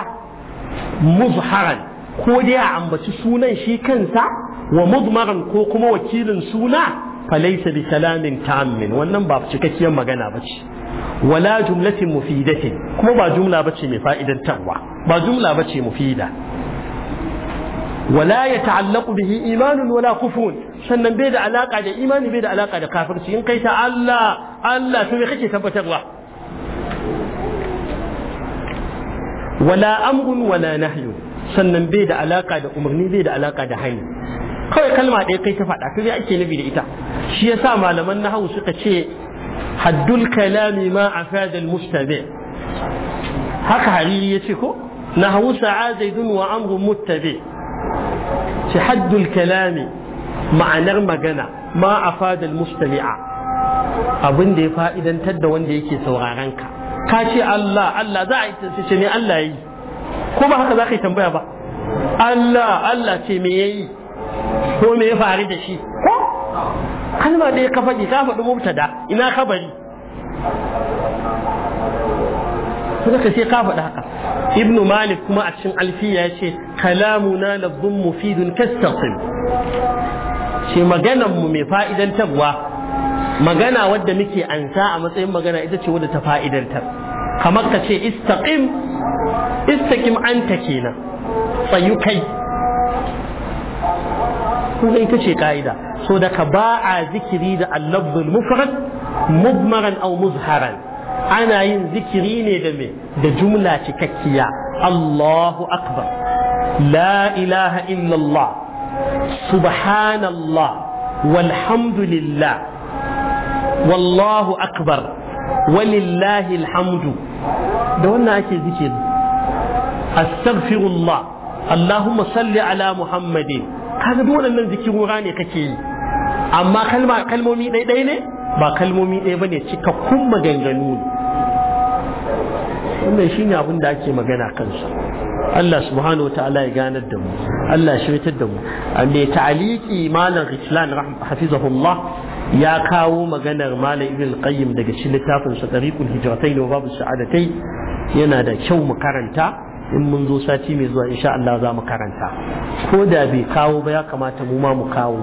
muzharan ko dai a ambaci sunan shi kansa wa muzmaran ko kuma wakilin suna falaisa bi kalamin ta'ammin wannan ba cikakkiyar magana ba ce wala jumlatin mufidatin kuma ba jumla ba ce mai fa'idantarwa ba jumla ba ce mufida wala ya ta'allaku bihi imanin wala kufun sannan bai da alaka da imani bai da alaƙa da kafirci in kai ta Allah Allah to me kake tabbatarwa wala amrun wala nahyu sannan bai da alaƙa da umarni bai da alaƙa da hanyar. kawai kalma ɗaya kai ta faɗa to me ake nufi da ita shi yasa malaman nahawu suka ce haddul kalami ma a al mustabe. haka hariri yace ko nahawu sa'adaidun wa amrun muttabi shi haddul kalami ma'anar magana ma a al-mustami'a abin da ya fa'idantar da wanda yake sauraron ka ka ce Allah Allah za a yi ce ne Allah yi ko ba haka za ka yi tambaya ba Allah Allah ce me yayi ko me ya faru da shi ko kalma ɗaya ka faɗi ka faɗi da ina bari? suka ka sai ka faɗi haka ibn malik kuma a cikin alfiya ya ce na lafzun mufidun kastaqim ce maganan mu mai fa'idantarwa magana wadda muke ansa a matsayin magana ita ce wadda ta fa'idantar kamar ka ce istaqim istaqim anta kenan tsayu kai kun ita ce ka'ida so da ka ba a zikiri da allabdul mufrad mudmaran aw muzharan ana yin zikiri ne da me da jumla cikakkiya Allahu akbar la ilaha illallah subhanallah walhamdulillah wallahu akbar walillahi alhamdu da wannan ake zikiri astaghfirullah اللهم صل على محمد kaga duk waɗannan rura ne kake yi amma kalmomi ɗaiɗai ne ba kalmomi ɗaya bane cikakkun maganganu ne wannan shine abin da ake magana kansa Allah subhanahu wataala ya ganar da mu Allah ya shirtar da mu me ta'aliki malam Islam hafizahullah ya kawo maganar malam Ibn Qayyim daga cikin littafin sa Tariqul Hijratain wa Babu Sa'adatai yana da kyau mu karanta in mun zo sati mai zuwa insha Allah za mu karanta ko da bai kawo ba ya kamata mu ma mu kawo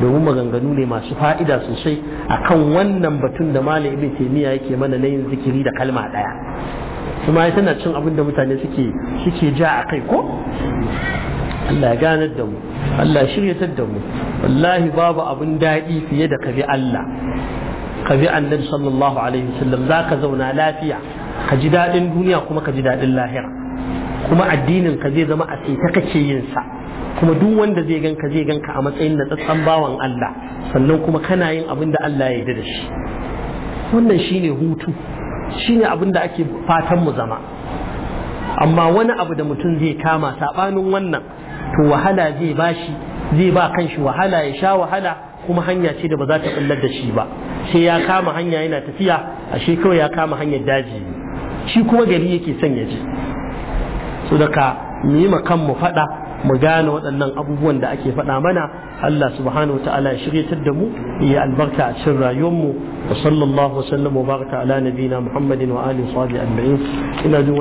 domin maganganu ne masu fa'ida sosai akan wannan batun da malam ibn taymiya yake mana na yin zikiri da kalma daya kuma tana cin abin da mutane suke suke ja a kai ko Allah ya ganar da mu Allah ta da mu wallahi babu abin daɗi fiye da kabi Allah ka annabi sallallahu alaihi wasallam zaka zauna lafiya ka ji daɗin duniya kuma ka ji daɗin lahira kuma addinin ka zai zama a ta kake yin sa kuma duk wanda zai ganka zai ganka a matsayin na tsatsan bawan Allah sannan kuma kana yin abin da Allah ya yarda da shi wannan shine hutu shine abin da ake fatan mu zama amma wani abu da mutum zai kama sabanin wannan to wahala zai bashi zai ba kanshi wahala ya sha wahala kuma hanya ce da ba za ta kullar da shi ba sai ya kama hanya yana tafiya ashe kawai ya kama hanyar daji shi kuma gari yake son ya je so daga mu yi makan mu faɗa mu gane waɗannan abubuwan da ake faɗa mana Allah subhanahu wa ta'ala ya shiryatar da mu ya albarka a cikin rayuwarmu wa sallallahu wa sallam wa baraka ala nabiyina Muhammadin wa alihi wa sahbihi ina jin